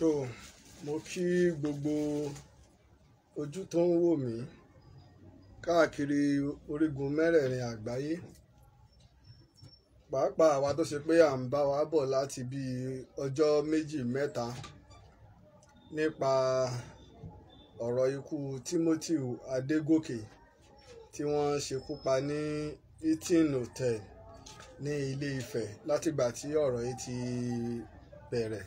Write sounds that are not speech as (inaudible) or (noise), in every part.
tó mo kí gbogbo ojú tó ń wò mí káàkiri orígun mẹ́rẹ̀ẹ̀rin àgbáyé pàápàá àwa tó ṣe pé à ń bá wa bọ̀ láti bí ọjọ́ méjì mẹ́ta nípa ọ̀rọ̀ ikú Timothy Adégòkè tí wọ́n ṣekú pa ní Hilton Hotel ní Ilé-Ifẹ̀ látìgbà tí ọ̀rọ̀ yìí ti bẹ̀rẹ̀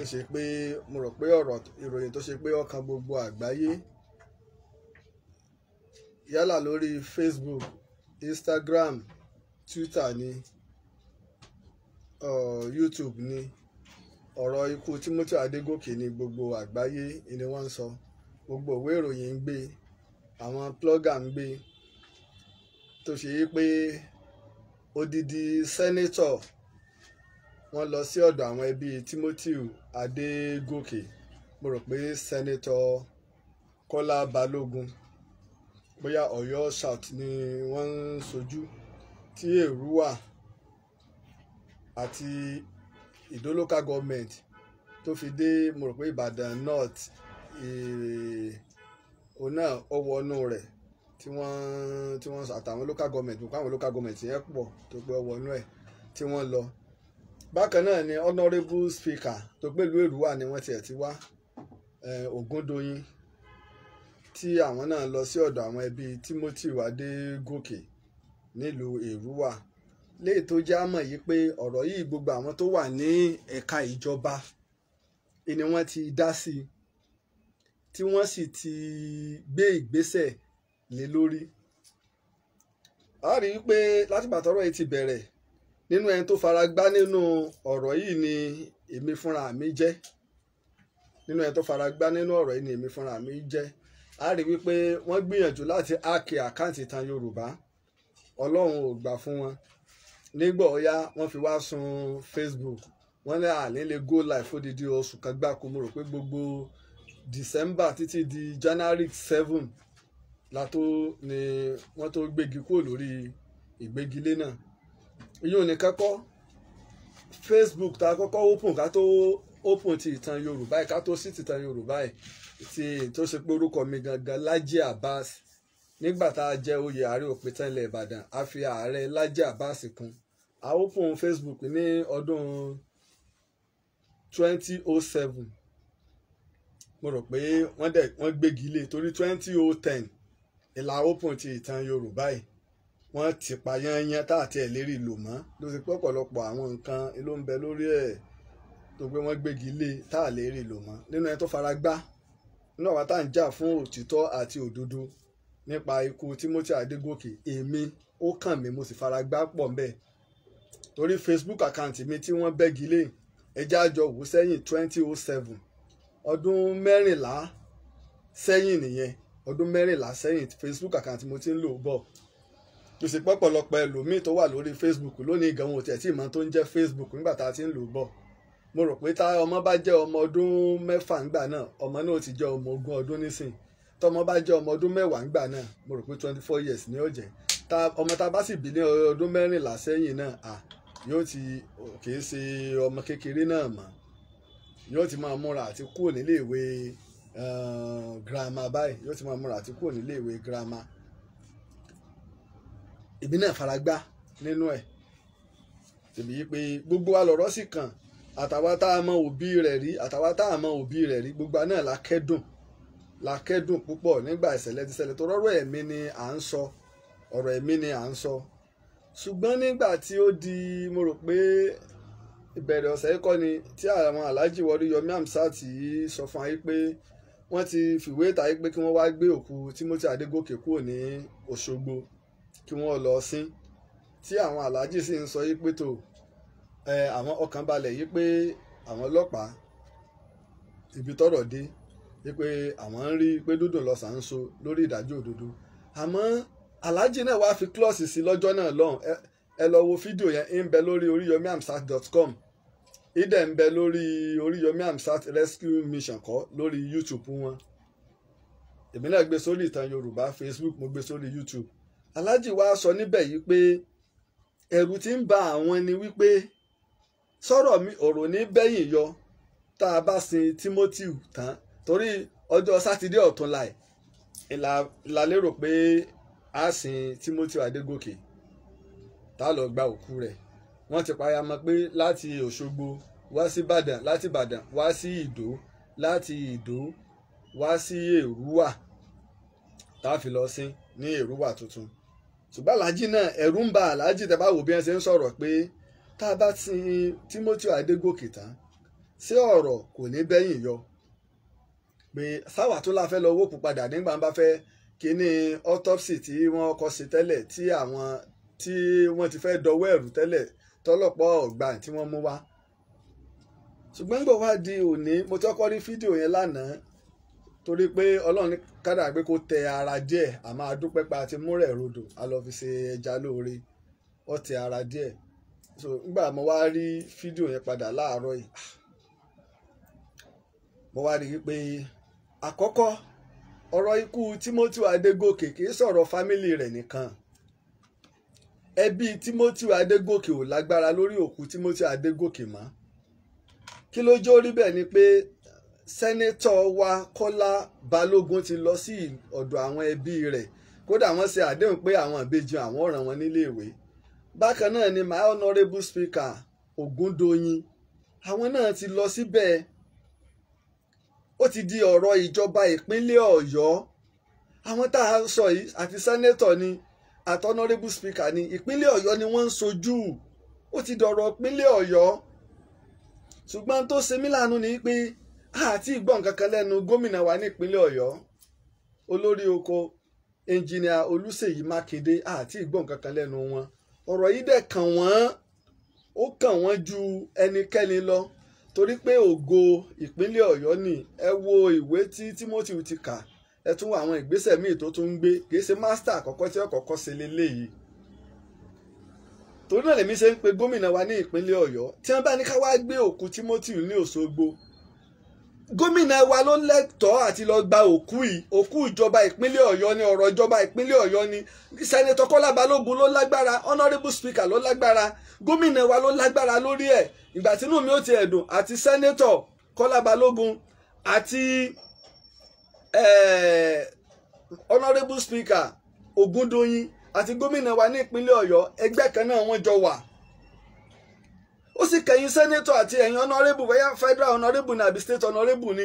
tó ṣe pé mo rò pé ọ̀rọ̀ ìròyìn tó ṣe pé ó gbogbo àgbáyé yálà lórí Facebook Instagram Twitter ni uh, YouTube ni ọ̀rọ̀ ikú Timothy Adégòkè ní gbogbo àgbáyé ni wọ́n ń sọ gbogbo òwe ìròyìn ń gbé àwọn plọ́gà ń gbé tó ṣe pé odidi Senator wọ́n lọ sí ọ̀dọ̀ àwọn ẹbí timothy Adegoke, mo rò pé sẹ́nitọ́ kọ́lá balógun bóyá ọ̀yọ́ south ni wọ́n ń sojú tí èrúwà àti ìdó local government tó fi dé mo rò pé ìbàdàn north òun eh, náà ó wọnú rẹ̀ tí wọ́n tí wọ́n àtàwọn local government mo kọ́ àwọn government yẹn pọ̀ tó gbé wọnú ẹ̀ tí wọ́n lọ bákan náà ni honourable speaker tó pẹ̀lú èrúwà ni wọ́n tiẹ̀ ti wá Ògúndoyin tí àwọn náà lọ sí ọ̀dọ̀ àwọn ẹbí Timothy Adégòkè nílùú èrúwà léè tó já mọ̀ yìí pé ọ̀rọ̀ yìí gbogbo àwọn tó wà ní ẹ̀ka ìjọba ni wọ́n ti dá sí i tí wọ́n sì ti gbé ìgbésẹ̀ lé lórí. a rí i pé látìgbà tọ́rọ̀ yìí ti bẹ̀rẹ̀ nínú ẹni tó fara gbá nínú ọ̀rọ̀ yìí ni èmi fúnra mi jẹ́ nínú ẹni tó fara gbá nínú ọ̀rọ̀ yìí ni èmi fúnra mi jẹ́ a rí wípé wọ́n gbìyànjú láti áàkì àkáǹtì Ìtàn Yorùbá ọlọ́run ò gbà fún wọn nígbà ọ̀yá wọ́n fi wá sun Facebook wọ́n ní àní lè go live fódìdí oṣù kan gbáko mo rò pé gbogbo December títí di January seven la tó ni wọ́n tó gbégi kúrò lórí ìgbégilé náà ìyóò nìkan kọ́ Facebook ta a kọ́kọ́ open ká tó open ti ìtàn Yorùbá ẹ̀ ká tó sí ti ìtàn Yorùbá ẹ̀ ti tó ṣe pé orúkọ mi gangan Laji Abbas nígbà tá a jẹ oyè ààrẹ òpìtàn ilẹ̀ Ìbàdàn a fi ààrẹ Laji Abbas kún a open Facebook ní ọdún 2007 mo rò pé wọ́n gbégi lé e torí 2010 ìlà open ti ìtàn Yorùbá yìí wọ́n ti pa yányán tá àti ẹ̀ lérí lò mọ́ ló ti pẹ́ ọ̀pọ̀lọpọ̀ àwọn nǹkan ló ń bẹ lórí ẹ̀ tó pé wọ́n gbégi lé tá à lérí lò mọ́ nínú ẹni tó fara gbá nínú àwa tá à ń jà fún òtítọ́ àti òdodo nípa ikú Timothy Adégòkè èmi ó kàn mí mo sì fara gbá pọ̀ ń bẹ̀ torí Facebook àkáǹtì mi tí wọ́n bẹ́gi lé ẹjẹ́ àjọ wò sẹ́yìn twenty oh seven ọdún mẹ́rìnlá sẹ́yìn nìyẹn ọdún mẹ́rìnlá sẹ́yìn Facebook àkáǹtì mo ti ń lò bọ̀ tó sì pọ̀pọ̀lọpọ̀ ẹlòmíì tó wà lórí Facebook lónìí gan wọn ò tiẹ̀ tí ìmọ̀ tó ń jẹ́ Facebook nígbà tá a ti ń lò bọ̀ mo rò pé tá ọmọ bá jẹ́ ọmọ ọdún mẹ́fà ńgbà náà ọmọ náà ti jẹ́ ọmọ ogún ọdún nísìn tọmọ bá jẹ́ ọmọ ọdún mẹ́wàá ńgbà náà mo rò pé twenty four years ni ó jẹ́ ta ọmọ tá a bá sì bí ní ọdún mẹ́rìnlá sẹ́yìn náà à yóò ti kì í ṣe ọmọ kékeré náà mọ́ yóò ti máa múra àti kúrò níléèwé eh, girama báyìí yóò ti máa múra àti kúrò níléèwé girama èmi náà faragbá nínú ẹ̀ tèmi yí pé gbogbo wa lọ̀rọ̀ sì kàn àtàwa tá a mọ òbí rẹ̀ rí àtàwa tá a mọ òbí rẹ̀ rí gbogbo náà la kẹ́dùn la kẹ́dùn púpọ̀ nígbà ìṣẹ̀lẹ̀ ti ṣẹlẹ̀ tó rọ́rọ̀ ẹ̀mí ni à ń sọ ọ̀rọ̀ ẹ̀mí ni à ń sọ ṣùgbọ́n nígbà tí ó di mo rò pé ìbẹ̀rẹ̀ ọ̀sẹ̀ yìí ni tí àwọn aláàjì wọlé yọmí amsat yìí sọ fún ayé pé wọ́n ti fìwé ìtàyé pé kí wọ́n wá gbé òkú Timothy Adégòkè kúrò ní Òṣogbo kí wọ́n lọ sín tí àwọn aláàjì sì ń sọ yí pé tó àwọn ọkàn balẹ̀ yí pé àwọn ọlọ́pàá ibi tọ́rọ̀ dé yí pé àwọn ń rí pé dúdùn lọ́sàn án so lórí ìdájọ́ òdodo àmọ́ aláàjì náà wàá fi klọ́ọ̀sì sí lọ́jọ́ náà lọ́hùn ẹ lọ wo fídíò yẹn ń bẹ lórí oriyomiamsat.com ìdẹ̀ ń bẹ lórí oriyomiamsat rescue mission kọ́ lórí youtube wọn èmi náà gbé sórí ìtàn yorùbá facebook mo gbé sórí youtube aláàjì wa sọ níbẹ̀ yìí pé ẹ̀rù ti ń ba àwọn ni wípé sọ̀rọ̀ mi ọ̀rọ̀ ní bẹ́yìn yọ tá a bá sin Timothy tán torí ọjọ́ sátidé ọ̀túnla ẹ̀ ìlà lérò pé a sin Timothy Adégòkè tá a lọ gba òkú rẹ̀ wọ́n ti parí amọ̀ pé láti Òṣogbo wá sí Ìbàdàn láti Ìbàdàn wá sí Ìdó láti Ìdó wá sí Èrúwà tá a fi lọ sin ní Èrúwà tuntun ṣùgbọ́n aláàjì náà ẹ̀rù ń ba aláàjì tẹ́ bá wò bí wọ́n ṣe ń sọ̀rọ̀ pé tá a bá sin Timothy Adégòkè tán sí ọ̀rọ̀ kò ní bẹ́yìn yọ pé sáwà tó la fẹ́ lọ wò púpadà nígbà bá fẹ́ kíní autopsy tí wọ́n kọ́ sí tẹ́lẹ̀ tí àwọn tí wọ́n ti fẹ́ dọwọ́ ẹ̀rù tẹ́lẹ̀ tọ́lọ́pọ̀ ọ̀gbà tí wọ́n mú wá ṣùgbọ́n gbọ̀ di òní mo tọ́kọ́ rí fídíò yẹn lánàá torí pé ọlọ́run kádà pé kó tẹ ara díẹ̀ àmọ́ adúpẹ́ pa àti múrẹ̀ rodò a lọ fi ṣe ẹja lóore ó tẹ ara díẹ̀ so nígbà mo wá rí fídíò yẹn padà láàárọ̀ yìí ah, mo wá rí i pé àkọ́kọ́ ọ̀rọ̀ ikú Timothy Adégòkè kì í sọ̀rọ̀ fámìlì rẹ̀ nìkan ẹbí Timothy Adégòkè ò lágbára lórí òkú Timothy Adégòkè mọ́ kí ló jó rí bẹ́ẹ̀ ni pé sẹ́nẹ́tọ̀ wa Kọ́lá Balógun ti lọ sí ọ̀dọ̀ àwọn ẹbí rẹ̀ kódà wọ́n ṣe àdéhùn pé àwọn ìbejì àwọn ọ̀ràn wọn níléèwé bákan náà ni my honourable speaker Ògúndoyin àwọn náà ti lọ síbẹ̀ ó ti di ọ̀rọ̀ ìjọba ìpínlẹ̀ Ọ̀yọ́ àwọn tá a sọ yìí àti sẹ́nẹ́tọ̀ ni àti honourable speaker ni ìpínlẹ̀ Ọ̀yọ́ ni wọ́n ń sojú ó ti dọ̀rọ̀ ìpínlẹ̀ Ọ̀yọ́ ṣùgbọ́n tó ṣe mí láàánú ni pé àti ìgbọ́ nǹkan kan lẹ́nu gómìnà wa nípínlẹ̀ ọ̀yọ́ olórí oko ẹnjìnìà olùṣèyí mákindé àti ìgbọ́ nǹkan kan lẹ́nu wọn ọ̀rọ̀ yìí dẹ̀ kàn wọ́n ó kàn wọ́n ju ẹnikẹ́ni lọ torí pé ògo ìpínlẹ̀ ọ̀yọ́ ni ẹ wo ìwé tí timothy ti kà ẹ tún wo àwọn ìgbésẹ̀ míì tó tún ń gbé kìí ṣe mástà àkọ́kọ́ tí ọ̀kọ́kọ́ ṣe leléyìí torí náà lèmi ṣe ń pe gómìnà wa ní ìpínlẹ̀ ọ̀yọ́ tí wọ́n bá ní ká wá gbé òkú timothy ní òṣogbo gómìnà wa ló lẹ́tọ̀ọ́ àti lọ gba òkú yìí òkú ìjọba ìpínlẹ̀ ọ̀yọ́ ni ọ̀rọ̀ ìjọba ìpínlẹ̀ ọ̀yọ́ ni sẹ́nẹ̀tọ̀ kọ́lá balógun ló lágbára honourable speaker ló lágbára gómìnà wa ló lágbára lórí ẹ̀ ìgbà tínú mi ò ti ẹ̀dùn àti sẹ́nẹ̀tọ̀ kọ́lá balógun àti honourable speaker ògúndóyin àti gómìnà wa ní ìpínlẹ̀ ọ̀yọ́ ẹgbẹ́ kan náà wọ́n jọ wà ó sì kẹ̀yìn sẹ́nẹ́tọ̀ àti ẹ̀yìn ọ̀nàrẹ́bù bẹ́yà federal ọ̀nàrẹ́bù ní àbí state ọ̀nàrẹ́bù ni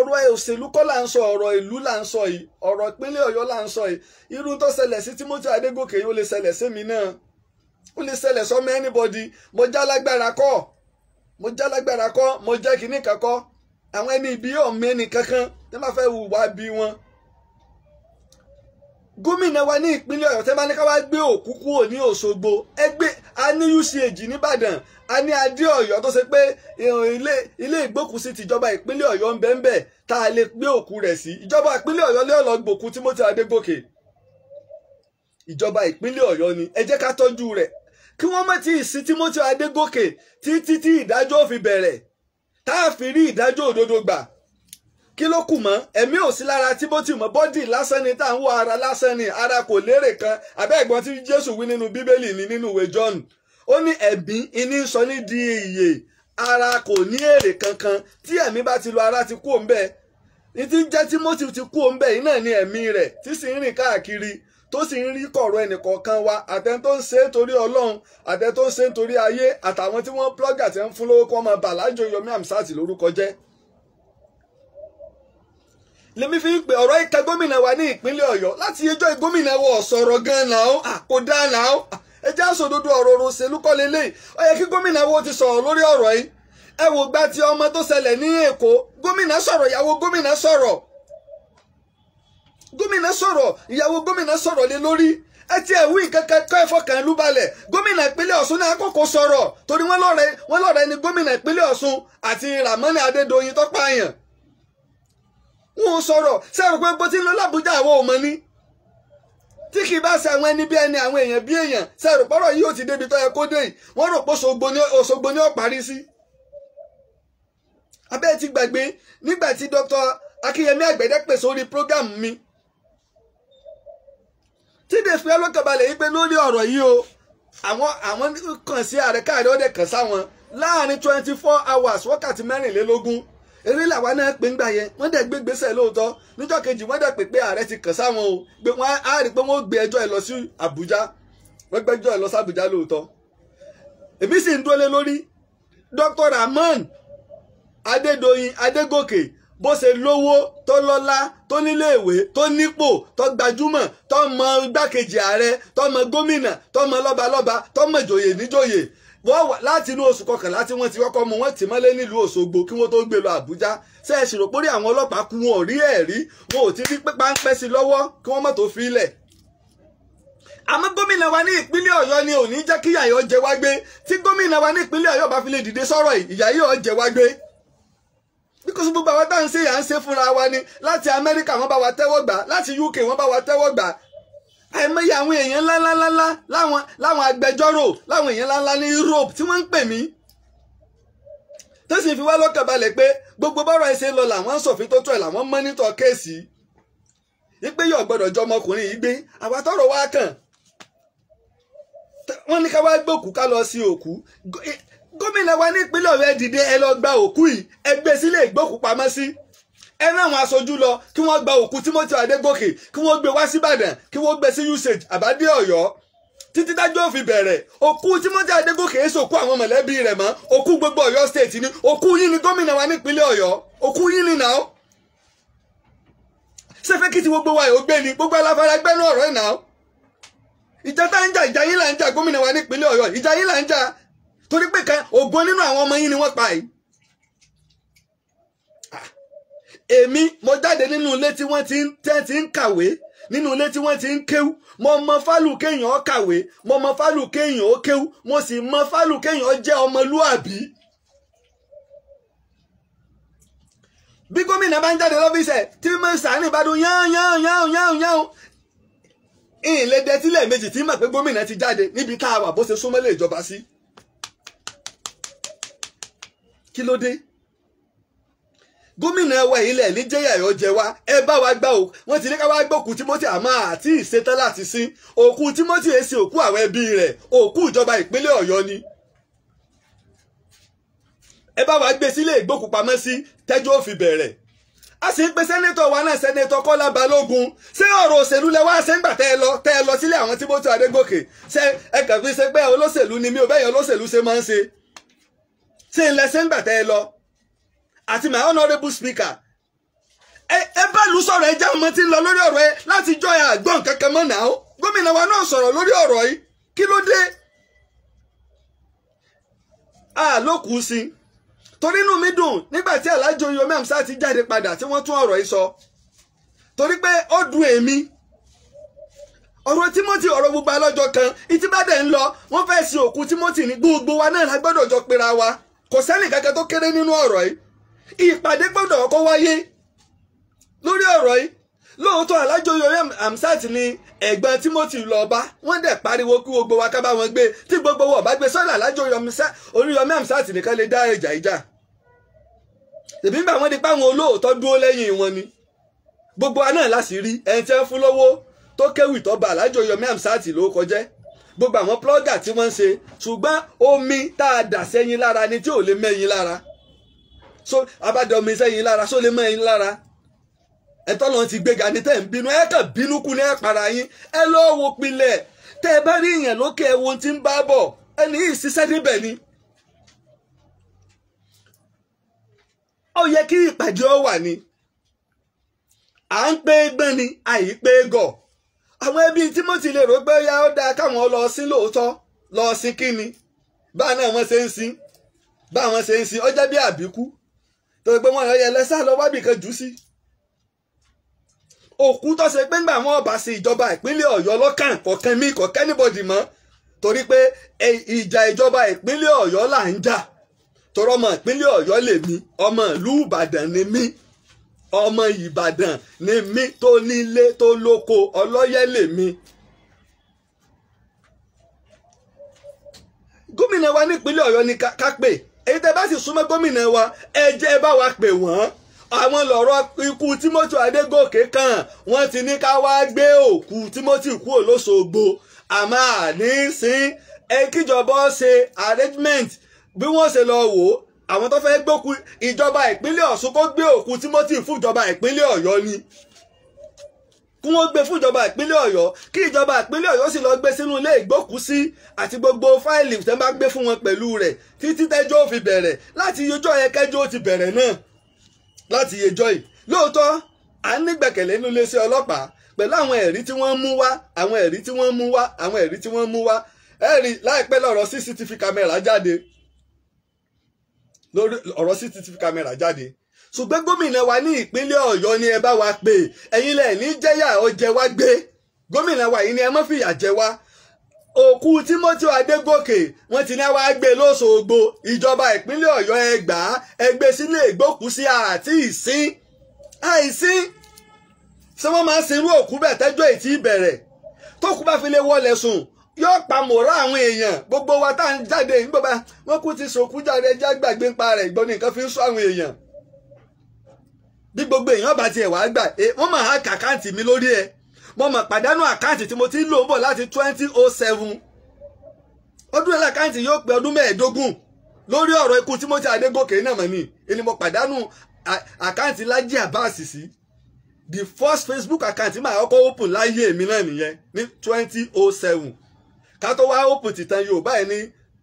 ọ̀rọ̀ òṣèlú kọ́ là ń sọ ọ̀rọ̀ ìlú là ń sọ yìí ọ̀rọ̀ ìpínlẹ̀ ọ̀yọ́ là ń sọ yìí irú tó ṣẹlẹ̀ sí Timothy Adégòkè yìí ó lè ṣẹlẹ̀ sí mi náà ó lè ṣẹlẹ̀ sọmọ anybody mo já lágbára kọ́ mo já lágbára kọ́ mo jẹ́ kínní kankan àwọn ẹni ibi yóò mẹ́ni kankan tí wọ́n fẹ́ hùwà bí wọn gómìnà wa ní ìpínlẹ̀ ọ̀yọ́ tẹ́ bá ní ká wá gbé òkú kúrò ní òṣogbo ẹgbẹ́ a ní uch nìbàdàn a ní adé Ọ̀yọ́ tó ṣe pé ilé ìgbókùsí tìjọba ìpínlẹ̀ Ọ̀yọ́ ń bẹ ń bẹ tá a lè gbé òkú rẹ̀ sí ìjọba ìpínlẹ̀ Ọ̀yọ́ lé ọlọ gbòkú Timothy Adégòkè ìjọba ìpínlẹ̀ Ọ̀yọ́ ni ẹ jẹ́ ká tọ́jú rẹ̀ kí wọ́n má ti sí Timothy Adégòkè títí tí ìdájọ́ òfin bẹ̀rẹ̀ tá a fi rí ìdájọ́ òdodo gbà kí ló kù mọ́ ẹ̀mí ò sí lára Timothy mọ́ bọ́dì lásán ni tá à ń wọ ara lásán ni ara kò lérè kan abẹ́ tí Jésù wí nínú Bíbélì ni nínú ìwé John ó ní ẹ̀bí iní sọ ní di ìyè ara kò ní èrè kankan tí ẹ̀mí bá ti lọ ara ti kú òǹbẹ ní ti ń jẹ́ tí mo ti kú òǹbẹ yìí náà ni ẹ̀mí rẹ̀ tí sì ń rìn káàkiri tó sì ń rí kọ̀rọ̀ ẹnìkọ̀ọ̀kan wa àtẹn tó ń ṣe é torí ọlọ́run àtẹn tó ń ṣe é torí ayé àtàwọn tí wọ́n plọ́gà tí wọ́n fún lówó kọ́ máa bà lájọ yomi amsat lórúkọ jẹ́. lèmi fi ń pè ọ̀rọ̀ ìka gómìnà wa ní ìpínlẹ̀ ọ̀yọ́ láti ẹjọ́ gómìnà wọ̀ sọ̀rọ̀ gan-an náà kò dáa náà ẹ já sòdodo ọ̀rọ̀ oorun ṣèlú kọ́ lélẹ́yìn ó yẹ kí gómìnà wo ti sọ̀rọ̀ lórí ọ̀rọ̀ yìí ẹ wò gba ti ọmọ tó ṣẹlẹ̀ ní èkó gómìnà sọ̀rọ̀ ìyàwó gómìnà sọ̀rọ̀ gómìnà sọ̀rọ̀ ìyàwó gómìnà sọ̀rọ̀ lé lórí ẹ wí kankan kọ́ ẹ̀fọ́ kan ló balẹ̀ gómìnà ìpínlẹ̀ ọ̀ṣun náà sọ̀rọ̀ torí ramani wọn sọ̀rọ̀ pé bó ti ń tí kì í bá ṣe àwọn ẹni bí ẹni àwọn èèyàn bí èèyàn ṣe rò pọ́rọ̀ yìí ò ti débi tó yẹ kó dé yìí wọ́n rò pé Òṣogbo ni ó parí sí. abẹ́ ti gbàgbé nígbà tí Dr. Akínyẹmí Àgbẹ̀dẹ pè sórí program mi tí dèfé ọlọ́kànbalẹ̀ yìí pé lórí ọ̀rọ̀ yìí o àwọn àwọn kàn sí ààrẹ káàdé ọ̀dẹ̀ kàn sáwọn láàrin twenty four hours wákàtí mẹ́rìnlélógún eré làwa náà pé ńgbà yẹn wọ́n dẹ̀ gbé gbèsè lóòótọ́ níjọ́ kejì wọ́n dẹ̀ pè pé ààrẹ ti kàn sáwọn o pé wọ́n á rí i pé wọ́n gbé ẹjọ́ ẹ lọ sí Àbújá wọ́n gbẹ́jọ́ ẹ lọ sí Àbújá lóòótọ́ èmi sì ń dúró lórí Dr. Rahman Adédoyin Adégòkè bó ṣe lówó tó lọ́lá tó níléèwé tó nípò tó gbajúmọ̀ tó mọ igbákejì ààrẹ tó mọ gómìnà tó mọ lọ́balọ́ba tó mọ ìjòyè níjòyè wọ́n wà láti inú oṣù kọkànlá tí wọ́n ti kọ́kọ́ mú wọ́n tì mọ́lé nílùú Òṣogbo kí wọ́n tó gbé lọ Àbújá ṣe é ṣèrò pórí àwọn ọlọ́pàá kú wọn ò rí ẹ̀rí wọn ò ti rí páńpẹ́ sí lọ́wọ́ kí wọ́n má tó fi ilẹ̀. àmọ́ gómìnà wa ní ìpínlẹ̀ Ọ̀yọ́ ni òní jẹ́ kí ìyàyọ̀ jẹ wá gbé tí gómìnà wa ní ìpínlẹ̀ Ọ̀yọ́ bá fi lè dìde sọ̀rọ̀ ìyàyọ̀ jẹ wá gbé bíkọ́sí gbogbo àwọn táwọn ṣe yà ń ṣe fúnra wa ni láti Amẹ́ríkà wọ́n bá wa tẹ́wọ́ gbà láti UK wọ́n bá wa tẹ́wọ́ gbà àìmọye àwọn èèyàn ńláńláńlá láwọn láwọn agbẹjọ́rò láwọn èèyàn ńláńlá ní Europe tí wọ́n ń pè mí tó sì fi wá lọ́kàn balẹ̀ pé gbogbo bọ́rọ̀ ẹsẹ̀ lọ làwọn ń sòfin tó tó ẹ̀ làwọn mọ́nítọ̀ kéèsì wípé yóò gbọ́dọ̀ jọ ọmọkùnrin yìí gbé àwa tọrọ wá kàn wọ́n ní ká wá gbòkú ká lọ sí òkú gómìnà wa ní ìpínlẹ̀ Ọ̀yọ́ dìde ẹ lọ gba òkú yìí ẹ gbé e sílé ìgbókùpamọ́ sí. Si ẹ rán àwọn aṣojú lọ kí wọ́n gba òkú Timothy adegoke kí wọ́n gbé wá síbàdàn kí wọ́n gbé sí usage àbádé Ọ̀yọ́ títí dájọ́ fi bẹ̀rẹ̀ òkú Timothy adegoke èso òkú àwọn mọ̀lẹ́bí rẹ̀ mọ́ òkú gbogbo ọyọ state ni òkú yín ni gómìnà wa nípínlẹ̀ ọyọ òkú yín ni nàá ṣé fẹ́ gbogbo wa yóò gbé ni gbogbo aláfárá gbẹ́nu ọ̀rọ̀ ẹ̀ nàá ìjà tá ń jà ìjà yín là ń jà gómìnà wa nípínlẹ̀ ọyọ ìjà yín là ń jà torí pé kan ògbón nínú àwọn ọmọ yín ni wọ́n pa yìí èmi mo jáde nínú ilé tí wọ́n ti ń tẹ́ ti ń kàwé nínú ilé tí wọ́n ti ń kéwú mo mọ fálù kéèyàn ó kàwé mo mọ fálù kéèyàn ó kéwú mo sì mọ fálù kéèyàn ó jẹ́ ọmọlúàbí. bí gómìnà bá ń jáde lọ́fíìsì ẹ̀ tí mo sàánì bá dún yán yán yán yán yán ìlédẹ́tílẹ̀ méjì tí mọ̀ pé gómìnà ti jáde níbi tá a wà bó ṣe súnmọ́lé ìjọba sí. kí ló dé? gómìnà wa ilẹ̀ ní jẹ́yàyọ́ jẹ wá ẹ bá wa gbà o wọ́n ti ní ká wá gbókù Timothy àmọ́ àti ìṣetán láti sin òkú Timothy èsì òkú àwọn ẹbí rẹ̀ òkú ìjọba ìpínlẹ̀ Ọ̀yọ́ ni. ẹ bá wa gbé sílé ìgbókùpamọ́sí tẹ́jọ́ ó fi bẹ̀rẹ̀ a sì ń pe sẹ́nẹ́tọ̀ wa náà sẹ́nẹ́tọ̀ Kọ́lá Balógun ṣé ọ̀rọ̀ òṣèlú lẹ wá ṣe ń gbà tẹ́ ẹ lọ tẹ́ ẹ lọ sílé àwọn Timothy Adégòkè ṣé ẹ kàn fi ṣe pé olóṣèlú ni mi ò bẹ́ẹ̀ yẹn olóṣèlú ṣe máa ń ṣe ṣé ń lẹ ṣe tẹ́ ẹ lọ àti my honourable speaker ẹ bá lu sọ̀rọ̀ ẹ jẹ́ ọmọ tí ń lọ lórí ọ̀rọ̀ ẹ láti jọ ẹ àgbọ̀n kankan mọ́ náà gómìnà wa náà sọ̀rọ̀ lórí ọ̀rọ̀ yìí kí ló dé àlòkù sí torí inú mi dùn nígbà tí alájọ oyomi amsa ti jáde padà tí wọ́n tún ọ̀rọ̀ yìí sọ torí pé ó dùn èmi ọ̀rọ̀ Timothy ọ̀rọ̀ gbogbo alọ́jọ́ kan ìtí bá dẹ̀ ń lọ wọ́n fẹ́ sin òkú Timothy ní gbogbo wa náà la gbọ́dọ̀ jọ pera wa kò sẹ́nì tó kéré nínú ọ̀rọ̀ yìí ìpàdé gbọ́dọ̀ kó wáyé lórí ọ̀rọ̀ yìí lóòótọ́ alájọyọ̀ amsat ni ẹ̀gbọ́n timothy lọ́ba wọ́n dẹ̀ pariwo kí gbogbo wa ká bá wọn gbé tí gbogbo wọn bá gbé sọ́nà alájọyọ̀ oríyọmí amsat nìkan lè dá ìjà ìjà tèmi bá wọn di pé àwọn olóòótọ́ dúró lẹ́yìn wọn ni gbogbo wa náà láti rí ẹni tí wọ́n fún lọ́wọ́ tó kéwì tó bá alájọyọ̀mí amsat ló kọjẹ́ gbogbo àwọn plọ́gà tí wọ́n ń ṣe ṣùgbọ́n omi tá a dà sẹ́yìn lára ni tí ò lè mẹ́yìn lára so abájọmi sẹ́yìn lára só lè lára ẹ̀tọ́ ti gbéga ní tẹ̀ ń bínú ẹ kàn bínú kú ní ẹ para yín ẹ lọ́ọ́ wo tẹ́ ewu tí ń bá bọ̀ ẹni ni. ó yẹ kí ìpàdé ọ wà ni. à ń pé ni àì pé gọ̀ àwọn ẹbí Timothy lè rò pé lọ sí lóòótọ́ lọ sí báwọn náà wọ́n ṣe ń sin báwọn ṣe ń sin ó bí torí pé wọ́n yẹ lẹ́sà lọ wábì kan jù sí. òkú tó ṣe pé ńgbà wọn bá sí ìjọba ìpínlẹ̀ ọ̀yọ́ lọ́kàn kọ̀ọ̀kan mi kọ̀ọ̀kan níbọ̀dì mọ́ torí pé ìjà ìjọba ìpínlẹ̀ ọ̀yọ́ là ń jà torí ọmọ ìpínlẹ̀ ọ̀yọ́ lèmi ọmọ ìlú ìbàdàn ni mí ọmọ ìbàdàn ni mí tó nílé tó lóko ọlọ́yẹ lèmi. gómìnà wa nípínlẹ̀ ọ̀yọ́ ni ká pè. Ka, èyí tẹ́ bá sì súnmọ́ gómìnà wa ẹ jẹ́ ẹ bá wa pè wọ́n àwọn lọ́rọ̀ ikú Timothy Adégòkè kan wọ́n ti ní ká wá gbé òkú Timothy kúrò lóṣogbo àmọ́ àní sín ṣe arrangement bí wọ́n ṣe lọ wò ó àwọn tó fẹ́ gbókú ìjọba ìpínlẹ̀ Ọ̀ṣun kó gbé òkú Timothy fún ìjọba ìpínlẹ̀ Ọ̀yọ́ ni kí wọ́n gbé fún ìjọba ìpínlẹ̀ ọ̀yọ́ kí ìjọba ìpínlẹ̀ ọ̀yọ́ sì lọ gbé sínú ilé ìgbókùúsí àti gbogbo fáìlì tẹ́ bá gbé fún wọn pẹ̀lú rẹ̀ títí tẹ́jọ́ fi bẹ̀rẹ̀ láti yejọ́ yẹn kẹ́jọ́ ti bẹ̀rẹ̀ náà láti yejọ́ yìí lóòótọ́ à ń nígbẹ̀kẹ̀lé nínú iléeṣẹ́ ọlọ́pàá pẹ̀lú àwọn ẹ̀rí tí wọ́n mú wá àwọn ẹ̀rí tí wọ́n mú wá àwọn ẹ̀rí tí wọ́n mú wá ẹ̀rí láìpẹ́ lọ́rọ̀ CCTV camera jáde lórí ọ̀rọ̀ CCTV camera jáde ṣùgbọ́n gómìnà wa ní ìpínlẹ̀ ọ̀yọ́ ni ẹ bá wa pè ẹ̀yin lẹ̀ ní jẹ́yà ọjẹ́ wa gbé gómìnà wa yìí ni ẹ má fìyà jẹ wá òkú Timothy Adégòkè wọ́n ti náà wáá gbé lóṣogbo ìjọba ìpínlẹ̀ ọ̀yọ́ ẹgbà ẹgbẹ́ sílé ìgbókùsí àti ìsín àìsín ṣé wọ́n máa ń sinú òkú bẹ́ẹ̀ tẹ́jọ́ ìtì ìbẹ̀rẹ̀ tókù bá fi lè wọlé sùn yóò pa mòrá àwọn èèyàn gbogbo wa tá à ń jáde nígbà wọn kú ti sòkú jáde jágbàgbé ń pa rẹ̀ ìgbọ́n nìkan fi ń sọ àwọn èèyàn bí gbogbo èèyàn bá tiẹ̀ wá gbà eh, wọ́n máa hack àkáǹtì mi lórí ẹ̀ mo mọ̀ pàdánù àkáǹtì tí mo ti ń lò ń bọ̀ láti twenty oh seven ọdún ẹ̀ lákáǹtì yóò pé ọdún mẹ́ẹ̀ẹ́dógún lórí ọ̀rọ̀ ikú Timothy Adégòkè náà mọ̀ ni èni mo pàdánù àkáǹtì Lájí Abbas sí the first Facebook àkáǹtì máa kọ́kọ́ open láyé èmi náà nìyẹn ní twenty oh seven ká tó wá open Titan Yorùbá yẹn ní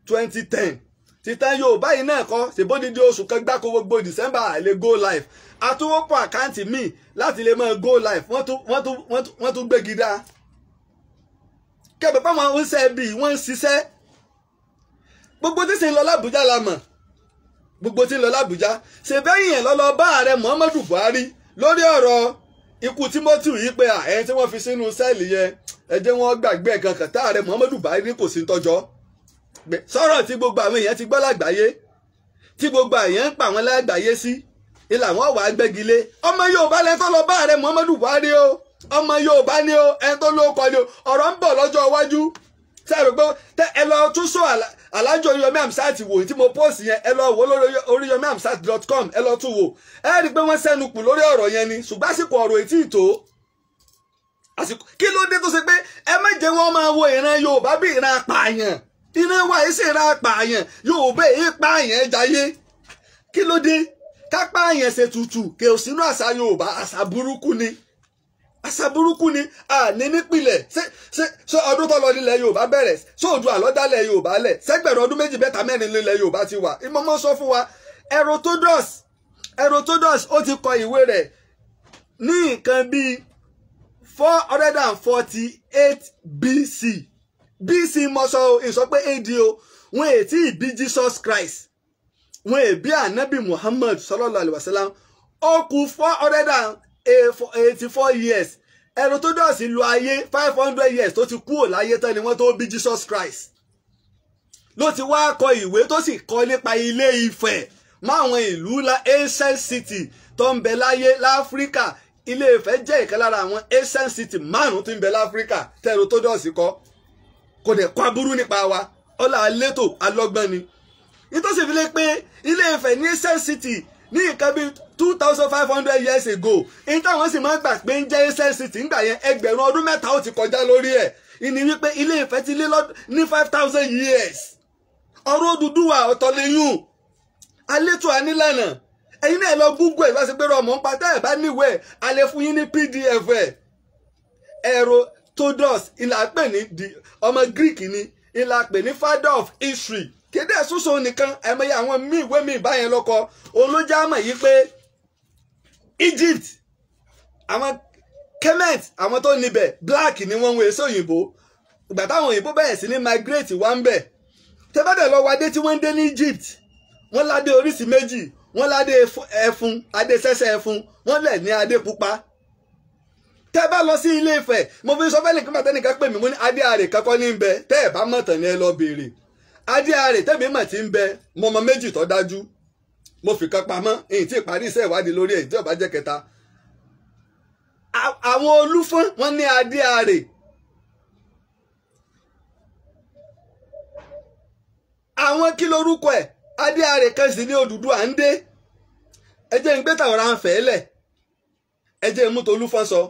twenty ten Titan Yorùbá yìí náà kọ́ ṣèbódìdí oṣù kan gbáko gbogbo December àìlè go live atúwọ́pọ̀ àkáǹtì míì láti lè mọ go life. wọ́n tún gbégi dá kẹ́pẹ́ pàmò ń sẹ́ bí wọ́n ń ṣiṣẹ́ gbogbo tí sì ń lọ lábújá la mọ̀ gbogbo tí ń lọ lábújá ṣèbẹ́yìn yẹn lọ́lọ́ bá ààrẹ Muhammadu Buhari lórí ọ̀rọ̀ ikú Timothy yìí pé ẹni tí wọ́n fi sínú sẹ́ẹ̀lì yẹn ẹ jẹ́ wọ́n gbàgbé ẹ̀kan kàtà ààrẹ Muhammadu Buhari kò sí tọ́jọ́ sọ̀rọ̀ tí gbogbo àwọn èèyàn ti gbọ́ lágbàáyé tí gbogbo èèyàn ń pa àwọn lágbàáyé sí. Si ilà wọn wàá gbẹgilé ọmọ Yorùbá lẹtọ lọ bá ààrẹ Muhammadu Buhari o ọmọ Yorùbá ni o ẹni tó ló kọ ni o ọrọ ń bọ̀ lọ́jọ́ iwájú sẹ́ẹ̀rù pé ẹ lọ tún sọ alájọ yomi amsaati tí mo post yẹn ẹ lọ wò lórí orí yomi amsaati dot com ẹ lọ tún ẹ rí pé wọ́n sẹ́nu kù lórí ọ̀rọ̀ yẹn ni ọ̀rọ̀ etí tó ṣe wo ìran Yorùbá bí ìran apààyàn ìran wa ìran apààyàn Yorùbá kápá yẹn ṣe tutù kè ó sínú àṣà yorùbá àṣà burúkú ni àṣà burúkú ni àní nípìnlẹ̀ ṣé ọdún tó lọ nílẹ̀ yorùbá bẹ̀rẹ̀ ṣé òdu àlọ́dálẹ̀ yorùbá lẹ̀ sẹ́gbẹ̀rún ọdún méjì mẹ́ta mẹ́rin nílẹ̀ yorùbá ti wà ìmọ̀mọ́ sọ fún wa Herodotus Herodotus ó ti kọ ìwé rẹ̀ ní nǹkan bíi four hundred and forty eight BC BC mọ́sọ́ ìsọ pé AD o wọn ètí ìbí Jesus Christ wọn èbí ànábì Muhammad sallallahu alayhi wa sallam ó kú four hundred and eighty four years Herodotus lu ayé five hundred years tó ti kúrò láyé tán ni wọ́n tó bí Jesus Christ ló ti wá kọ ìwé tó sì kọ nípa Ilé Ifẹ̀ máwọn ìlú la ancient city tó ń bẹ láyé láfíríkà Ilé Ifẹ̀ jẹ́ ìkan lára àwọn ancient city márùn-ún tó ń bẹ láfíríkà tẹ́rù tó dọ̀sí kọ́ kò dẹ̀ kọ́ aburú nípa wa ọlá alọ́gbọ́n ni ìtòsí fi lè pé ilé Ifẹ̀ ní Ẹsẹ̀ City ní nǹkan bíi two thousand five hundred years ago ní táwọn sì máa ń gbà pé ń jẹ́ Ẹsẹ̀ City ńgbà yẹn ẹgbẹ̀rún ọdún mẹ́ta ó ti kọjá lórí ẹ̀ ìní wípé ilé Ifẹ̀ ti lé ní five thousand years ọ̀rọ̀ Odùduwà ọ̀tọ̀ lẹ́yìn alétò anílànà ẹ̀yin náà lọ Google ẹ̀ bá ṣe pé ọmọ ń pa tá ẹ̀ bá níwèé alẹ́ fún yín ní PDF ẹ̀ ẹ̀rọ todos ìlà pè ní ọmọ Greek ni ìlà pè ní father of history kéde ẹ̀súnṣe nìkan ẹ̀mọye àwọn míì ìwé míì báyẹn lọ́kọ olójàmọ̀ yìí pé Egypt àwọn Kemet àwọn tó níbẹ̀ black ni wọ́n ń wé sí òyìnbó ìgbà táwọn òyìnbó bẹ̀rẹ̀ sí ní migrate wá ń bẹ̀ tẹ́bẹ̀dẹ̀ lọ́wọ́ adé tí wọ́n ń dé ní Egypt wọ́n ládé oríṣi méjì wọ́n ládé ẹfun adé sẹ́sẹ́ ẹfun wọ́n lẹ̀ ní adé pupa tẹ́ bá lọ sí Ilé Ifẹ̀ mo fi sọ fẹ́ nìkan bàtẹ́ pè mí mo ní adé àrè kankan ní bẹ tẹ́ ẹ̀ bá mọ̀tàn ni ẹ lọ béèrè adéarè tẹ́mi mà ti ń bẹ mo méjì mo fìkan pamọ́ èyí tí ìparí iṣẹ́ ìwádìí lórí èyí tí jẹ́ kẹta àwọn olúfọ́n wọn ní adéarè àwọn kí lorúkọ ẹ̀ adéarè kan sì ní Odùduwà ń dé ẹ ń gbé tàwọn ń fẹ́ lẹ̀ sọ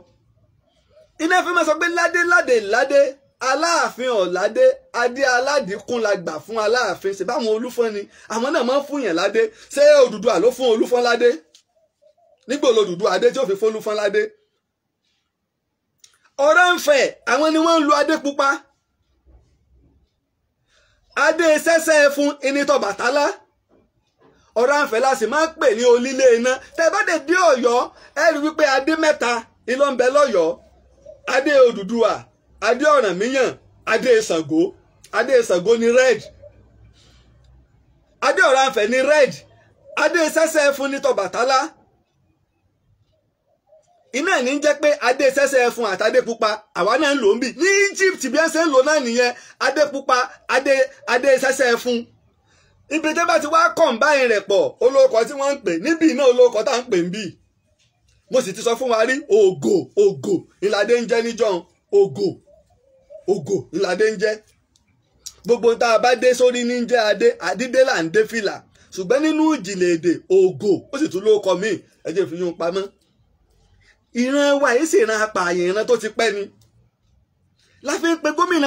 iná fi máa sọ pé ládé aláàfin ọ̀ládé adé aládìkún la gbà fún aláàfin ṣe báwọn olúfọ́n ni àwọn náà máa ń fún yàn ládé ṣé Odùduwà ló fún olúfọ́n ládé nígbà olódùdú adé tí ó fi fún olúfọ́n ládé ọ̀rọ̀ ń fẹ̀ àwọn ni wọ́n ń lu adé pupa adé sẹ́sẹ́ fún inítọ̀ bàtálá ọ̀rọ̀ àǹfẹ̀ la sì máa ń pè ní onílé iná tẹ́ bá dé dé ọ̀yọ́ ẹ rí wípé adé mẹ́ta ni ló ń bẹ lọ́yọ̀ọ́ adé Odùduwà adé Ọ̀rànmíyàn adé Ṣàngó adé Ṣàngó ní red adé Ọ̀rànfẹ̀ ní red adé sẹ́sẹ́ fún ní tọ̀bàtálá iná ẹ̀ ní jẹ́ pé adé sẹ́sẹ́ fún àtàdé pupa àwa náà ń lò ó ń bì ní Egypt bí ẹ ṣe ń lò náà nìyẹn adé pupa adé adé sẹ́sẹ́ fún ibi tí bá ti wá kọ̀ǹbáyìn rẹ̀ pọ̀ olóòkọ tí wọ́n ń pè níbí náà olóòkọ tá à ń pè ń bì mo sì ti sọ fún wa rí ògo ògo ìlàdé ń jẹ́ níjọ́ ògo ogo ńláde ń jẹ́ gbogbo tá a bá dé sórí ní jẹ́ adé adídé là ń dé fìlà ṣùgbọ́n nínú ìjìnlẹ̀ èdè ògo ó sì tún lóko míì fi yún pamọ́ ìran wa yìí sì ran apààyàn ìran tó ti pẹ́ ni la fi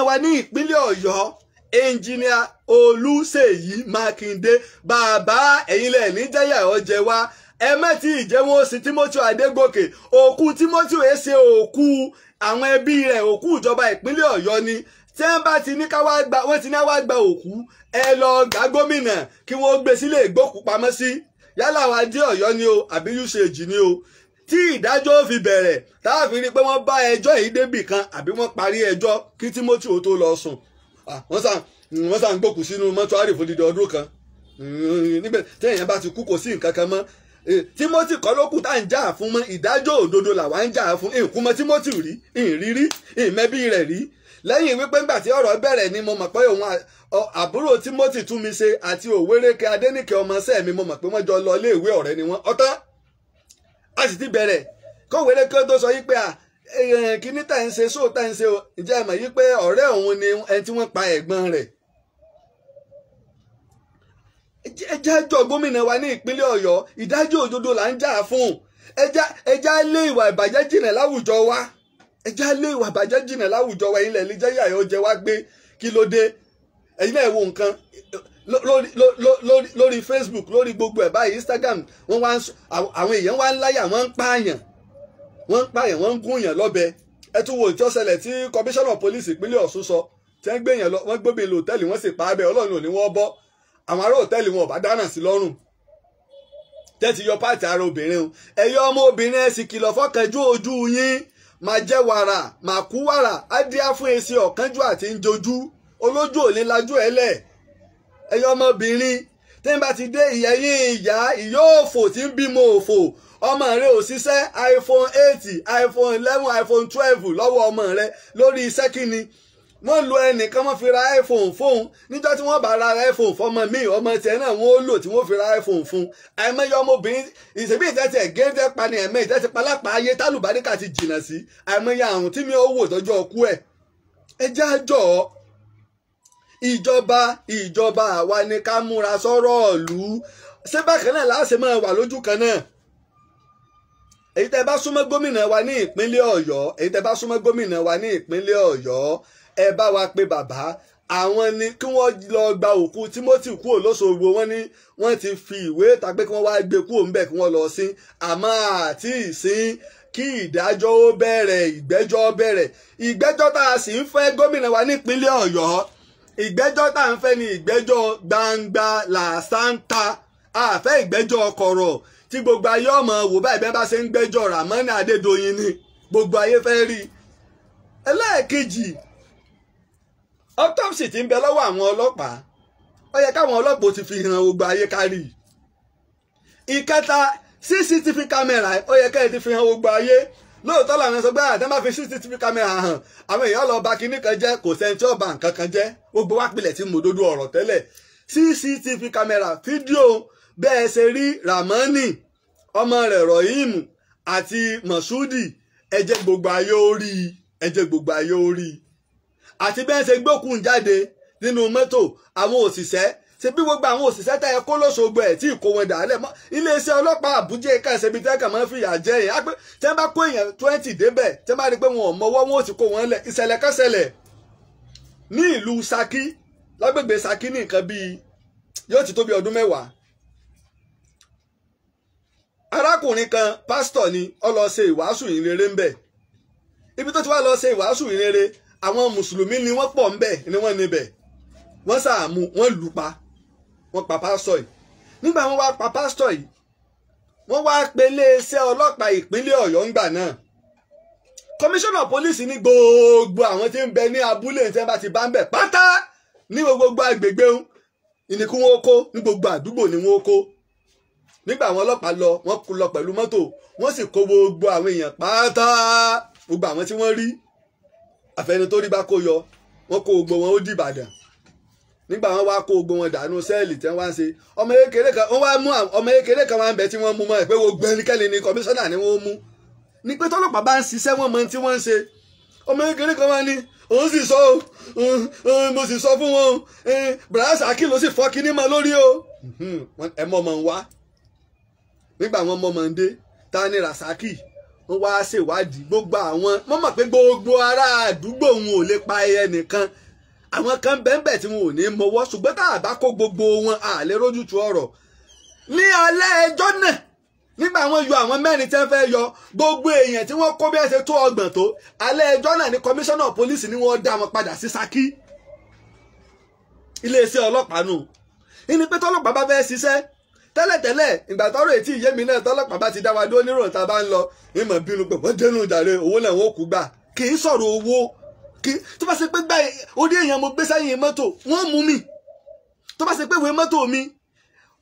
wa ní ìpínlẹ̀ ọ̀yọ́ ẹnjìníà olùṣèyí mákindé bàbá ẹ̀yin je níjẹ́yà ọ̀jẹ̀ wa ẹ má tí àwọn ẹbí rẹ̀ òkú ìjọba ìpínlẹ̀ ọ̀yọ́ ni tí wọ́n bá ti ní káwá gba wọ́n ti ní wá gba òkú ẹ lọ gba gómìnà kí wọ́n gbé sílé ìgbókùpamọ́sí yálà wa dé ọ̀yọ́ ni o àbí usage ni o tí ìdájọ́ ó fi bẹ̀rẹ̀ táàfin ni pé wọ́n bá ẹjọ́ yìí débì kan àbí wọ́n parí ẹjọ́ kí Timothy ó tó lọ sùn wọ́n sàn gbókù sínú mọ́tò àrífòdìdì ọdún kan níbẹ̀ tẹ́yìn bá ti kú kò sí nǹkan kan mọ́ Eh, Timothy kọ́ ló kù tá à ń jà fún mọ́ ìdájọ́ òdodo làwa ń jà fún ìkúmọ́ Timothy rí ìrírí ìmẹ́bí rẹ̀ rí lẹ́yìn wípé ńgbà tí ọ̀rọ̀ bẹ̀rẹ̀ ni mo mọ̀ pé òun àbúrò Timothy tún mi ṣe àti òwéréke Adéníkè ọmọọṣẹ́ mi mo mọ̀ pé wọ́n jọ lọ iléèwé ọ̀rẹ́ ni wọ́n ọ̀tán a sì ti bẹ̀rẹ̀ kóòwéréke tó sọ yí pé à eh, kíní tá ń ṣe sóò tá ń ṣe ǹjẹ́ ẹ mọ̀ yí pé ọ̀rẹ́ òun ni ẹni tí wọ́n pa ẹ̀gbọ́n rẹ̀ ẹjá jọ gómìnà wa ní ìpínlẹ̀ ọ̀yọ́ ìdájọ́ òdodo là ń jà fún ẹjá lé ìwà ìbàjẹ́ jìnà láwùjọ wa ẹjá lé ìwà ìbàjẹ́ jìnà láwùjọ wa ilẹ̀ ilé jẹ́yà yóò jẹ wá gbé kí ló dé ẹ̀yin náà wo nǹkan lórí facebook lórí gbogbo ẹ̀ báyìí instagram wọ́n wá àwọn èèyàn wá ń láyà wọ́n ń pààyàn wọ́n ń pààyàn wọ́n ń gúnyàn lọ́bẹ ẹ tún wo ìtọ́sẹ̀lẹ̀ tí commissioner of police ìpínlẹ̀ ọ̀ṣun sọ tí wọ́n gbé yàn lọ wọ́n gbóbi lòtẹ́ẹ̀lì wọ́n sì pa á bẹ́ẹ̀ ọlọ́run ò ní wọ́n bọ́ àwọn ará òtẹ́ẹ̀lì wọn ò bá dáná sí lọ́rùn tẹ́tí yọ páàtì ara obìnrin o ẹ̀yọ́ ọmọ obìnrin ẹ̀ sì kìlọ̀ fọ́kànjú ojú yín máa jẹ́ wàrà máa kú wàrà á díá fún èsì ọ̀kánjú àti ń olójú ò lajú ẹ̀ lẹ̀ ẹ̀yọ́ ọmọbìnrin tẹ́yìn bá ti dé ìyá yín ìyá ìyá òfò tí ń bímọ òfò ọmọ rẹ ò ṣiṣẹ́ iphone eight iphone eleven iphone twelve lọ́wọ́ ọmọ rẹ lórí iṣẹ́ kínni wọ́n lo ẹnìkan wọ́n fi ra iphone fóun níjọ́ tí wọ́n bá ra iphone fọmọ mi ọmọ tiẹ̀ náà wọ́n ó lò tí wọ́n fi ra iphone fún un àìmọye ọmọbìnrin ìṣèbí ìtẹ́tẹ̀ géńdé pani ẹ̀mẹ́ ìtẹ́tẹ̀ palápàá ayé tálùbáríkà ti jìnnà sí àìmọye àrùn tí mi ó wò tọ́jú ọkú ẹ̀ ẹ jẹ́ àjọ ìjọba ìjọba àwa ni ká múra sọ́rọ̀ ọ̀lú ṣé bákan náà láṣẹ máa wà lójú kan náà èyí tẹ́ bá súnmọ́ gómìnà wa ní ìpínlẹ̀ Ọ̀yọ́ èyí tẹ́ bá súnmọ́ gómìnà wa ní ìpínlẹ̀ Ọ̀yọ́ ẹ bá wa pé bàbá àwọn ni kí wọ́n lọ gba òkú Timothy kúrò lóṣogbo wọ́n ní wọ́n ti fi ìwé ta pé kí wọ́n wá gbé kúrò ńbẹ̀ kí wọ́n lọ sin àmọ́ àti ìsìn kí ìdájọ́ ó bẹ̀rẹ̀ ìgbẹ́jọ́ bẹ̀rẹ̀ ìgbẹ́jọ́ tá a sì ń fẹ́ gómìnà wa nípínlẹ̀ Ọ̀yọ́ ìgbẹ́jọ́ tá à ń fẹ́ ni ìgbẹ́jọ́ gbangba làṣántà àfẹ́ ìgbẹ́jọ́ kọ̀rọ̀ tí gbogbo ayé ọmọ wò báyìí bẹ́ẹ̀ bá autopsy ti ń bẹ lọ́wọ́ àwọn ọlọ́pàá ó yẹ káwọn ọlọ́pàá ti fi hàn gbogbo ayé kárí ìkẹta cctv camera ó yẹ káyọ̀ ti fi hàn gbogbo ayé lóòótọ́ làwọn sọ pé àdán ah, bá fi cctv camera hàn àwọn èèyàn lọ bà kinní kan jẹ́ kò sẹ́ni tí nǹkan kan jẹ́ gbogbo wa pilẹ̀ tí mo dodo ọ̀rọ̀ tẹ́lẹ̀ cctv camera fídíò bẹ́ẹ̀ ṣe rí ramani ọmọ rẹ̀ rohim àti masudi ẹ jẹ́ gbogbo ayé ó rí ẹ gbogbo ayé ó rí i àti bẹ́ẹ̀ ṣe gbókùn jáde nínú mọ́tò àwọn òṣìṣẹ́ ṣe bí gbogbo àwọn òṣìṣẹ́ tẹ ẹ kó lóṣogbo ẹ̀ tí ìkó wọn dàálẹ̀ mọ́ iléeṣẹ́ ọlọ́pàá Àbújá ẹ̀ka ìṣẹ́bi tẹ́ kàn máa fi jẹ́ yẹn á pé tẹ́ bá kó èèyàn twenty débẹ̀ tẹ́ bá rí i pé wọn ò mọwọ́ wọn ò sì kó wọn lẹ̀ ìṣẹ̀lẹ̀ kan ṣẹlẹ̀ ní ìlú Ṣakí lágbègbè Ṣakí ní nǹkan bíi yóò ti tó ọdún mẹ́wàá arákùnrin kan pásítọ̀ ni ó lọ ṣe ìwàásù ìrere ńbẹ̀ ibi tó ti wá lọ ṣe ìwàásù ìrere àwọn mùsùlùmí ni wọ́n pọ̀ ńbẹ̀ ni wọ́n níbẹ̀ wọ́n sàmú wọ́n lù pa wọ́n pa pásítọ̀ yìí nígbà wọ́n wá pa pásítọ̀ yìí wọ́n wá pe iléeṣẹ́ ọlọ́pàá ìpínlẹ̀ ọ̀yọ́ ńgbà náà kọmíṣánná pólísì ní gbogbo àwọn tí ń bẹ ní abúlé tí wọ́n ti bá ń bẹ̀ pátá ní gbogbo agbègbè ìníkú wọn kó ní gbogbo àdúgbò ni wọn kó nígbà àwọn ọlọ́pàá lọ wọ́n lọ pẹ̀lú mọ́tò wọ́n sì kó gbogbo àwọn èèyàn pátá gbogbo àwọn tí wọ́n rí àfẹni tó rí bá kó yọ wọn kó gbogbo wọn ó dìbàdàn nígbà wọn wá kó gbogbo wọn dànù sẹ́ẹ̀lì tí wọn wá ń ṣe ọmọ kékeré kan wọn wá mú ọmọ kékeré kan wá ń bẹ tí wọn mú mọ ẹ pé gbogbo ẹnikẹ́ni ni kọmíṣánná ni wọn mú ni pé tọ́lọ́pàá bá ń ṣiṣẹ́ wọn mọ tí wọ́n ń ṣe ọmọ kékeré kan wá ní òun sì sọ mo sì sọ fún wọn brasa kí ló sì fọ́ kí ní mọ lórí o ẹ mọ̀ mọ̀ ń wá nígbà wọn mọ̀ mọ̀ ń dé ta rasaki wọ́n wá ṣèwádìí gbogbo àwọn wọ́n mọ̀ pé gbogbo ará àdúgbò wọn ò lè pa ẹyẹ nìkan àwọn kan bẹ́ẹ̀ tí wọn ò ní mọwọ́ ṣùgbọ́n tá a bá kó gbogbo wọn à lè rójútu ọ̀rọ̀ ní alẹ́ ẹjọ́ náà nígbà wọn yọ àwọn mẹ́rin tẹ́ fẹ́ yọ gbogbo èèyàn tí wọ́n kó bí ẹ tó ọgbọ̀n tó alẹ́ ẹjọ́ náà ní kọmíṣánná pólísì ni wọ́n dá wọn padà sí Ṣakí iléeṣẹ́ ọlọ́pàá nù ìní pé tọ́lọ́pàá bá fẹ́ ṣiṣẹ́ tẹ́lẹ̀tẹ́lẹ̀ ìgbà tọ́rọ̀ ètí ìyé mi náà tọ́lọ́pàá bá ti dá wa dúró nírò tá a bá ń lọ ìmọ̀ bínú pé wọ́n dénú ìdàrẹ́ owó náà wọ́n kú gbà kì í sọ̀rọ̀ owó kì í tó bá ṣe pé gbà orí èèyàn mo gbé sẹ́yìn mọ́tò wọ́n mú mi tó bá ṣe pé ìwé mọ́tò mi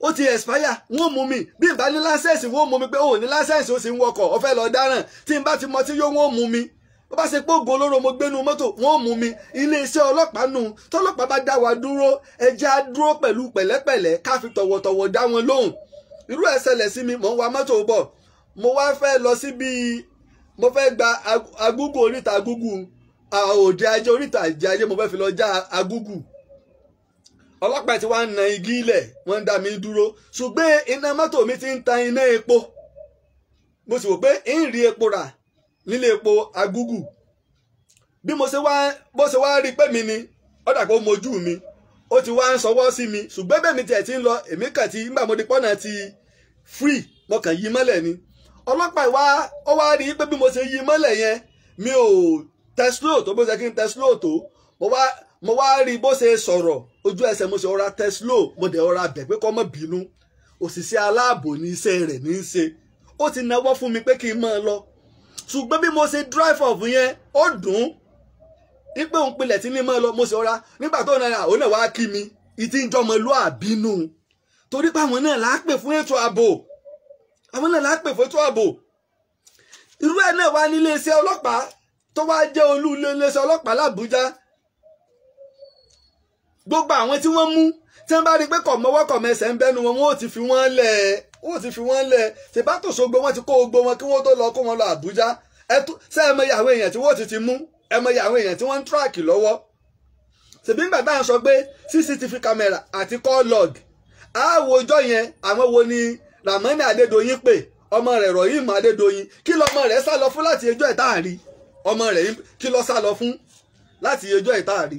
ó ti expire wọ́n mú mi bí n bá ní láńsẹ̀sì wọ́n mú mi pé ó ní láńsẹ̀sì ó sì ń wọkọ̀ ó fẹ́ lọ dáràn tí n bá ti mọ bó bá ṣe pé oògùn olóró mo gbénu mọ́tò wọ́n mú mi iléeṣẹ́ ọlọ́pàá nù tọ́lọ́pàá bá dá wa dúró ẹjẹ́ á dúró pẹ̀lú pẹ̀lẹ́pẹ̀lẹ́ ká fi tọ̀wọ̀tọ̀wọ̀ dá wọn lóhùn irú ẹ̀ ṣẹlẹ̀ sí mi mò ń wa mọ́tò bọ̀ mo wá fẹ́ lọ síbi mo fẹ́ gba agúgù oríta agúgù òde ajé oríta ajé mo fẹ́ fi lọ já agúgù ọlọ́pàá ti wá ń na igi ilẹ̀ wọ́n ń dá mi dúró ṣùgbọ́n iná mọ́tò mi ti ń ta iná epo mo sì wò pé ń rí epo rà nílé epo agúgù bí mo ṣe wá pe mi ni ó dà mi ó ti wá ń sọwọ́ sí mi ṣùgbọ́n bẹ́ẹ̀ mi tiẹ̀ ti ń lọ èmi kàn ti nígbà mo di pọ́nà ti free mo kàn yí mọ́lẹ̀ ni ọlọ́pàá ìwá ó wá rí pé bí mo ṣe yí mọ́lẹ̀ yẹn mi ò teslo to tó bó ṣe kí n mo wá rí bó ṣe mo ṣe ora teslo mo dẹ̀ ora bẹ̀ pé kó má bínú òṣìṣẹ́ aláàbò ní iṣẹ́ rẹ̀ ní í ṣe ó ti mi pé kí n máa ṣùgbọ́n bí mo ṣe drive off yẹn ó dùn ún pé òun pilẹ̀ tí ní mọ́ lọ mo ṣe ọ̀ra nígbà tó náírà òun náà wá kí mi ìtí ń jọmọ lọ àbínú torí pé àwọn náà láàpè fún ètò ààbò àwọn náà láàpè fún ètò ààbò irú ẹ̀ náà wá ní iléeṣẹ́ ọlọ́pàá tó wá jẹ́ olú iléeṣẹ́ ọlọ́pàá làbújá gbogbo àwọn tí wọ́n mú tí wọ́n bá rí pé kọ̀mọ́wọ́ kọ̀mẹsẹ̀ ń bẹ́nu wọn wọn ò ti fi wọ́n lẹ̀ ó ti fi wọ́n lẹ̀ ṣèbátò ṣogbo wọ́n ti kó gbogbo wọn kí wọ́n tó lọ kó wọn lọ Àbújá ṣé ẹ mọyì àwọn èèyàn tí wọ́n ti ti mú ẹ mọyì àwọn èèyàn tí wọ́n ń tíráàkì lọ́wọ́ ṣèbí ńgbà tá à ń sọ pé CCTV camera àti call log àwòjọ yẹn àwọn wo ni Ramani Adédoyin pè ọmọ rẹ̀ Rohim Adédoyin kí lọmọ rẹ̀ sá lọ fún láti ẹjọ́ ìtaàrí ọmọ rẹ̀ kí lọ sá lọ fún láti ẹjọ́ ìtaàrí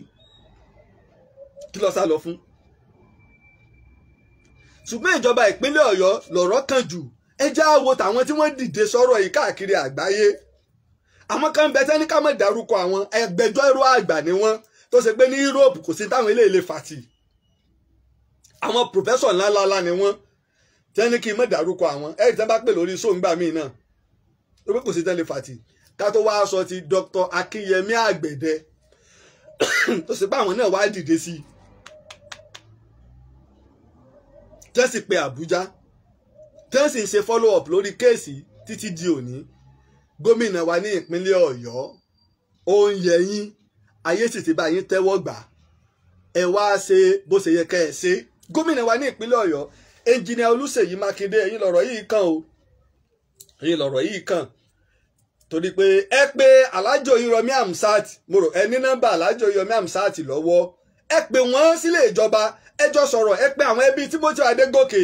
kí lọ sá lọ fún ṣùgbọ́n ìjọba ìpínlẹ̀ ọ̀yọ́ lọ̀rọ̀ kan jù ẹ já wo tàwọn tí wọ́n dìde sọ̀rọ̀ yìí káàkiri àgbáyé àwọn kan bẹ tẹ́ni ká má dárúkọ àwọn ẹgbẹjọ́rò àgbà ni wọ́n tó ṣe pé ní Europe kò sí táwọn eléyìí fàtì àwọn pòfẹ́sọ̀ ńláńlá ni wọ́n tẹ́ni kí n má dárúkọ àwọn ẹ̀ tẹ́ bá pè lórí sóńgbà míì náà tó pé kò sí tẹ́lẹ̀ fàtì ká tó wáá sọ ti Dr. Akinyemi Àgbẹ̀dẹ (coughs) tó ṣe pé àwọn náà wá dìde sí i tẹ́ sì pe Àbújá tẹ́ sì ṣe follow up lórí kéèsì títí di òní gómìnà wa ní ìpínlẹ̀ Ọ̀yọ́ ó ń yẹ yín ayé sì ti bá yín tẹ́wọ́ gbà ẹ wá ṣe bó ṣe yẹ ká ẹ ṣe gómìnà wa ní ìpínlẹ̀ Ọ̀yọ́ ẹnjìnìà Olúṣèyí Mákindé ẹ̀yin lọ̀rọ̀ yìí kàn o ẹ̀yin lọ̀rọ̀ yìí kàn torí pé ẹ pé alájọ Yìrọ̀mí Amsat mo rò ẹ ní nọ́mbà alájọ Yìrọ̀mí Amsat lọ́wọ́ ẹ pé wọ́n sílé ìjọba ẹ jọ sọ̀rọ̀ ẹ pé àwọn ẹbí Timothy Adégòkè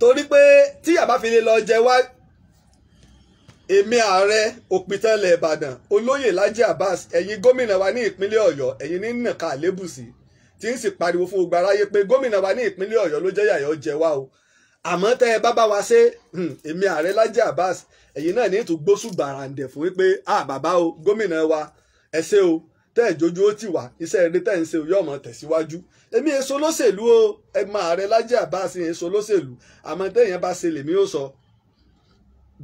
torí pé tí yàbá fi lè lọ jẹ wá èmi ààrẹ òpìtẹ́lẹ̀ Ìbàdàn olóyè Laji Abbas ẹ̀yin gómìnà wa ní ìpínlẹ̀ Ọ̀yọ́ ẹ̀yin ní nàka àlébùsí tí ń sì pariwo fún gbogbo aráyé pé gómìnà wa ní ìpínlẹ̀ Ọ̀yọ́ ló jẹ́ yàyọ́ jẹ wá o àmọ́ tẹ́ ẹ bá bá wa ṣe èmi ààrẹ Laji Abbas ẹ̀yin náà ní ìtúgbósùgbà ràǹdẹ̀ fún wípé ah bàbá o gómìnà wa ẹ ṣé o tẹ́ ìjójú ó ti wà iṣẹ́ eré tẹ́ ń ṣe yóò mọ̀ tẹ̀síwájú èmi èso lóṣèlú o ẹ máa rẹ lájẹ́ àbá sí èso lóṣèlú àmọ́ téèyàn bá ṣe lèmi ó sọ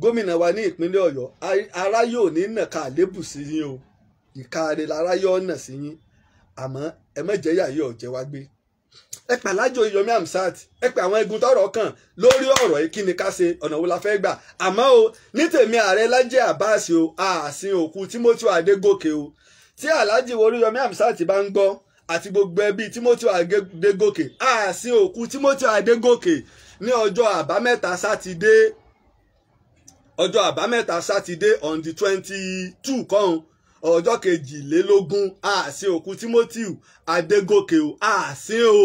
gómìnà wa ní ìpínlẹ̀ ọ̀yọ́ ará yóò ní nàka àlébù sí yín o ìkaare lára yóò nà sí yín àmọ́ ẹ mọ̀jẹ̀ yàyí ọ̀jẹ̀ wá gbé ẹ pè alájọ yomi amsat ẹ pè àwọn igun tọ́rọ̀ kàn lórí ọ̀rọ̀ yìí kí ni ká ṣe ọ̀nà wo la fẹ́ gbà àmọ́ o ní tèmi ààrẹ lájẹ́ àbáàsì o ààsìn òkú Timothy Adégòkè o tí alhaji Oríyọmí Hamzat bá ń gbọ́ àti gbogbo ẹbí Timothy Adégòkè àsìn òkú Timothy Adégòkè ní ọjọ́ àbámẹ́ta sátidé ọjọ́ àbámẹ́ta sátidé on the twenty two kọ́hún ọjọ́ kejìlélógún àsìn òkú Timothy Adégòkè o àsìn o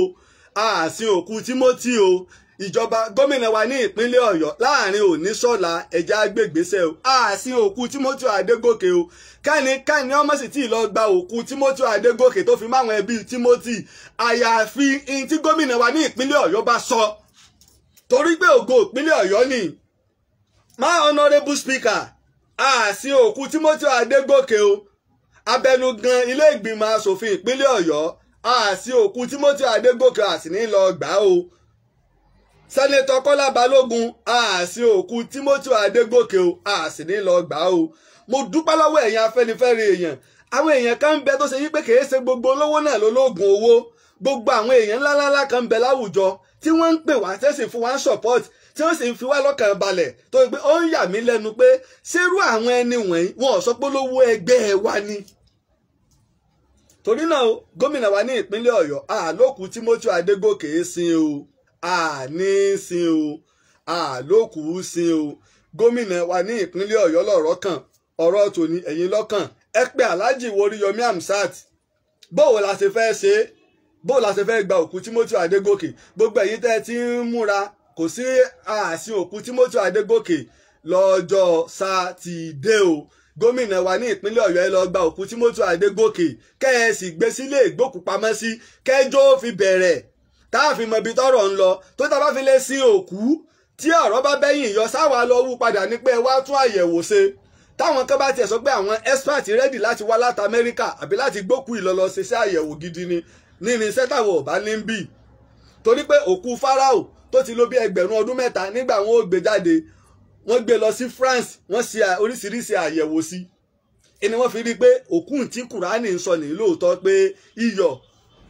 àsìn òkú Timothy o ìjọba gómìnà wa ní ìpínlẹ̀ ọ̀yọ́ láàrin òní sọ́la ẹ̀já agbègbèsẹ̀ o àásìn òkú timothy adégòkè o kẹ́nikẹ́ni ọmọ sì tí ì lọ gba òkú timothy adégòkè tó fi máwọn ẹbí timothy àyàfi ihun tí gómìnà wa ní ìpínlẹ̀ ọ̀yọ́ bá sọ torí pé ògo ìpínlẹ̀ ọ̀yọ́ ni my honourable speaker àásìn òkú timothy adégòkè o abẹnugan ilé ìgbìmọ̀ asòfin ìpínlẹ̀ ọ̀yọ́ àásìn òkú timothy adégòkè àsìn ní lọ gbà o sẹ́nẹ́tọ̀ kọ́lá balógun àásì òkú timothy adégòkè o àásì ní lọ gbà o mo dúpẹ́ lọ́wọ́ ẹ̀yin afẹ́nifẹ́re èèyàn àwọn èèyàn kan ń bẹ tó ṣe yí pé kìí ṣe gbogbo olówó náà lólóògùn owó gbogbo àwọn èèyàn ńláńlá kan ń bẹ láwùjọ tí wọ́n ń pè wá tẹ́sí fún wa ń support tí ó sì ń fi wá lọ́kàn balẹ̀ tó pé ó ń yà mí lẹ́nu pé ṣerú àwọn ẹni wọ̀nyí wọn ò sọ pé lówó ẹgbẹ́ wa ni. torí náà gómìnà wa ní ìpínlẹ̀ ọ̀yọ́ àlòkù timothy adégòkè sin o àní sin o àlòkù sin o gómìnà wa ní ìpínlẹ̀ ọ̀yọ́ lọ̀rọ̀ kan ọ̀rọ̀ tòní ẹ̀yìn lọ́kàn ẹ pé aláàjì Oríyọmí Hamzat bóò la ṣe fẹ́ ṣe bóò la ṣe fẹ́ gba òkú Timothy Adégòkè gbogbo ẹ̀yin tẹ́ ẹ ti ń múra kò sí ààsìn òkú Timothy Adégòkè lọ́jọ́ sátidé o gómìnà wa ní ìpínlẹ̀ ọ̀yọ́ ẹ lọ gba òkú Timothy Adégòkè kẹ́ ẹ sì gbé sílé ìgbókùpamọ́sí kẹ́jọ́ fi bẹ̀rẹ̀ tá a fi mọ ibi tọ́rọ̀ ń lọ tó tá a bá fi lè sin òkú tí ọ̀rọ̀ bá bẹ́yìn yọ sáwà lọ wú padà ní pé wá tún àyẹ̀wò ṣe táwọn kan bá tiẹ̀ sọ pé àwọn expert ready láti wá láti Amẹ́ríkà àbí láti gbókù ìlọlọ ṣe sí àyẹ̀wò gidi ni ní irinṣẹ́ táwọn ò bá ní ń bì torí pé òkú Fáráò tó ti lò bí ẹgbẹ̀rún ọdún mẹ́ta nígbà wọn ò gbé jáde wọ́n gbé lọ sí France wọ́n ṣe oríṣiríṣi àyẹ̀wò sí i ni wọ́n fi rí i pé òkú tí Kùránì ń sọ nìyí lóòótọ́ pé iyọ̀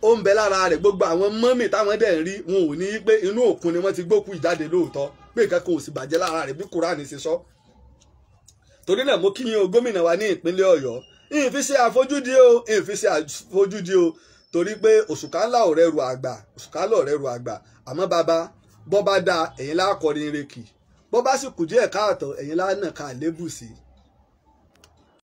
ó ń bẹ lára rẹ̀ gbogbo àwọn mọ́mì táwọn dẹ̀ ń rí wọn ò ní í pé inú òkun ni wọ́n ti gbókù ìjáde lóòótọ́ pé nǹkan kan ò sì bàjẹ́ lára rẹ̀ bí kúránì ṣe sọ. torí náà mo kíyìn o gómìnà wa ní ìpínlẹ̀ ọ̀yọ́ ìfiṣẹ́ àfojúdi o ìfiṣẹ́ àfojúdi o torí pé òṣùká ńlá ò rẹrù àgbà òṣùká ńlá ò rẹrù àgbà àmọ́ bàbá bọ́ bá dáa ẹ̀yin lákọrin rẹ̀ bọ́ bá sì kù díẹ̀ káàtọ̀ ẹ̀yin lánàá ká lébù